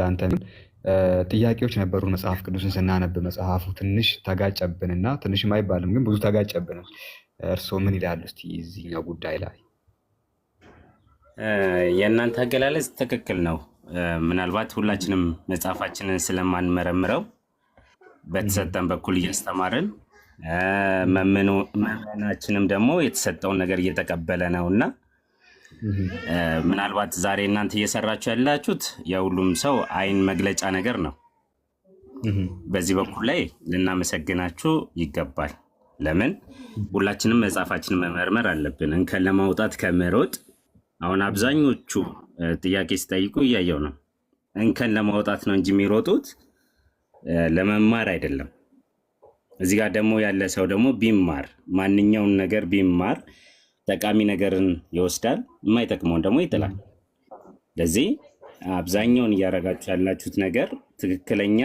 ለአንተ ጥያቄዎች ነበሩን። መጽሐፍ ቅዱስን ስናነብ መጽሐፉ ትንሽ ተጋጨብንና ትንሽም አይባልም ግን ብዙ ተጋጨብን። እርስዎ ምን ይላሉ እስኪ እዚህኛው ጉዳይ ላይ? የእናንተ አገላለጽ ትክክል ነው። ምናልባት ሁላችንም መጽሐፋችንን ስለማንመረምረው በተሰጠን በኩል እያስተማርን መመናችንም ደግሞ የተሰጠውን ነገር እየተቀበለ ነው እና ምናልባት ዛሬ እናንተ እየሰራችሁ ያላችሁት የሁሉም ሰው አይን መግለጫ ነገር ነው። በዚህ በኩል ላይ ልናመሰግናችሁ ይገባል። ለምን ሁላችንም መጽሐፋችንን መመርመር አለብን። እንከን ለማውጣት ከመሮጥ አሁን አብዛኞቹ ጥያቄ ሲጠይቁ እያየው ነው። እንከን ለማውጣት ነው እንጂ የሚሮጡት ለመማር አይደለም። እዚህ ጋር ደግሞ ያለ ሰው ደግሞ ቢማር ማንኛውን ነገር ቢማር ጠቃሚ ነገርን ይወስዳል፣ የማይጠቅመውን ደግሞ ይጥላል። ስለዚህ አብዛኛውን እያደረጋችሁ ያላችሁት ነገር ትክክለኛ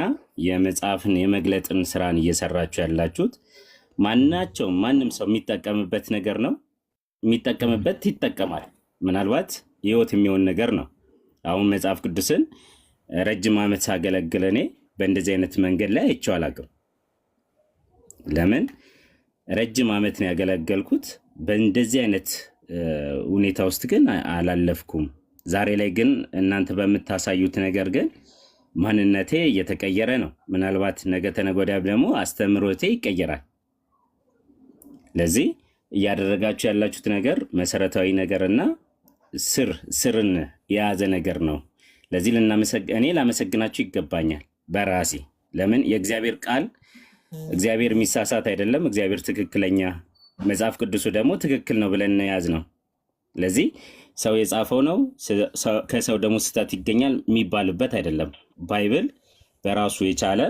የመጽሐፍን የመግለጥን ስራን እየሰራችሁ ያላችሁት ማናቸውም ማንም ሰው የሚጠቀምበት ነገር ነው። የሚጠቀምበት ይጠቀማል። ምናልባት ህይወት የሚሆን ነገር ነው። አሁን መጽሐፍ ቅዱስን ረጅም ዓመት ሳገለግል እኔ በእንደዚህ አይነት መንገድ ላይ አይቼው አላውቅም። ለምን ረጅም ዓመት ነው ያገለገልኩት። በእንደዚህ አይነት ሁኔታ ውስጥ ግን አላለፍኩም። ዛሬ ላይ ግን እናንተ በምታሳዩት ነገር ግን ማንነቴ እየተቀየረ ነው። ምናልባት ነገ ተነጎዳብ ደግሞ አስተምሮቴ ይቀየራል። ለዚህ እያደረጋችሁ ያላችሁት ነገር መሰረታዊ ነገር እና ስር ስርን የያዘ ነገር ነው። ለዚህ እኔ ላመሰግናችሁ ይገባኛል በራሴ ለምን የእግዚአብሔር ቃል እግዚአብሔር የሚሳሳት አይደለም። እግዚአብሔር ትክክለኛ፣ መጽሐፍ ቅዱሱ ደግሞ ትክክል ነው ብለን ያዝ ነው። ስለዚህ ሰው የጻፈው ነው ከሰው ደግሞ ስህተት ይገኛል የሚባልበት አይደለም። ባይብል በራሱ የቻለ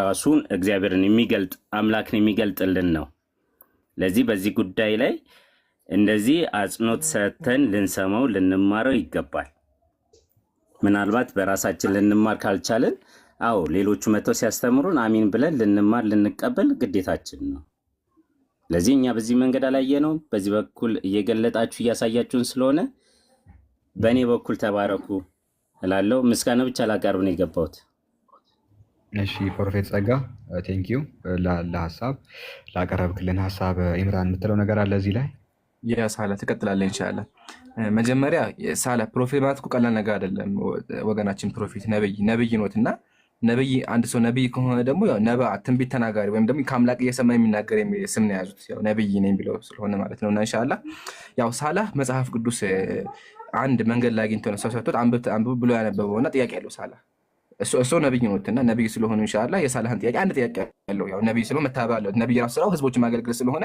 ራሱን እግዚአብሔርን የሚገልጥ አምላክን የሚገልጥልን ነው። ለዚህ በዚህ ጉዳይ ላይ እንደዚህ አጽንኦት ሰጥተን ልንሰማው ልንማረው ይገባል። ምናልባት በራሳችን ልንማር ካልቻልን አዎ ሌሎቹ መጥተው ሲያስተምሩን አሚን ብለን ልንማር ልንቀበል ግዴታችን ነው። ለዚህ እኛ በዚህ መንገድ አላየ ነው። በዚህ በኩል እየገለጣችሁ እያሳያችሁን ስለሆነ በእኔ በኩል ተባረኩ እላለሁ። ምስጋና ብቻ ላቀርብ ነው የገባሁት። እሺ ፕሮፌት ጸጋ ቴንኪው ለሀሳብ ላቀረብክልን ሀሳብ። ኢምራን የምትለው ነገር አለ እዚህ ላይ የሳለ ትቀጥላለህ እንችላለን። መጀመሪያ ሳለ ፕሮፌት ማለት ቀላል ነገር አይደለም ወገናችን። ፕሮፌት ነብይ ነብይ ኖት እና ነብይ አንድ ሰው ነብይ ከሆነ ደግሞ ነባ ትንቢት ተናጋሪ ወይም ደግሞ ከአምላክ እየሰማ የሚናገር ስም ነው የያዙት። ነብይ ነኝ ብለው ስለሆነ ማለት ነው። እና እንሻላ ያው ሳላህ መጽሐፍ ቅዱስ አንድ መንገድ ላይ አግኝቶ ነው ሰው ሰቶት አንብብ ብሎ ያነበበው እና ጥያቄ ያለው ሳላህ እሱ ነብይ ነትና ነብይ ስለሆኑ እንሻላ የሳላህን ጥያቄ አንድ ጥያቄ ያለው ያው ነብይ ስለሆነ መታበብ አለው። ነብይ ራሱ ስራው ህዝቦችን ማገልገል ስለሆነ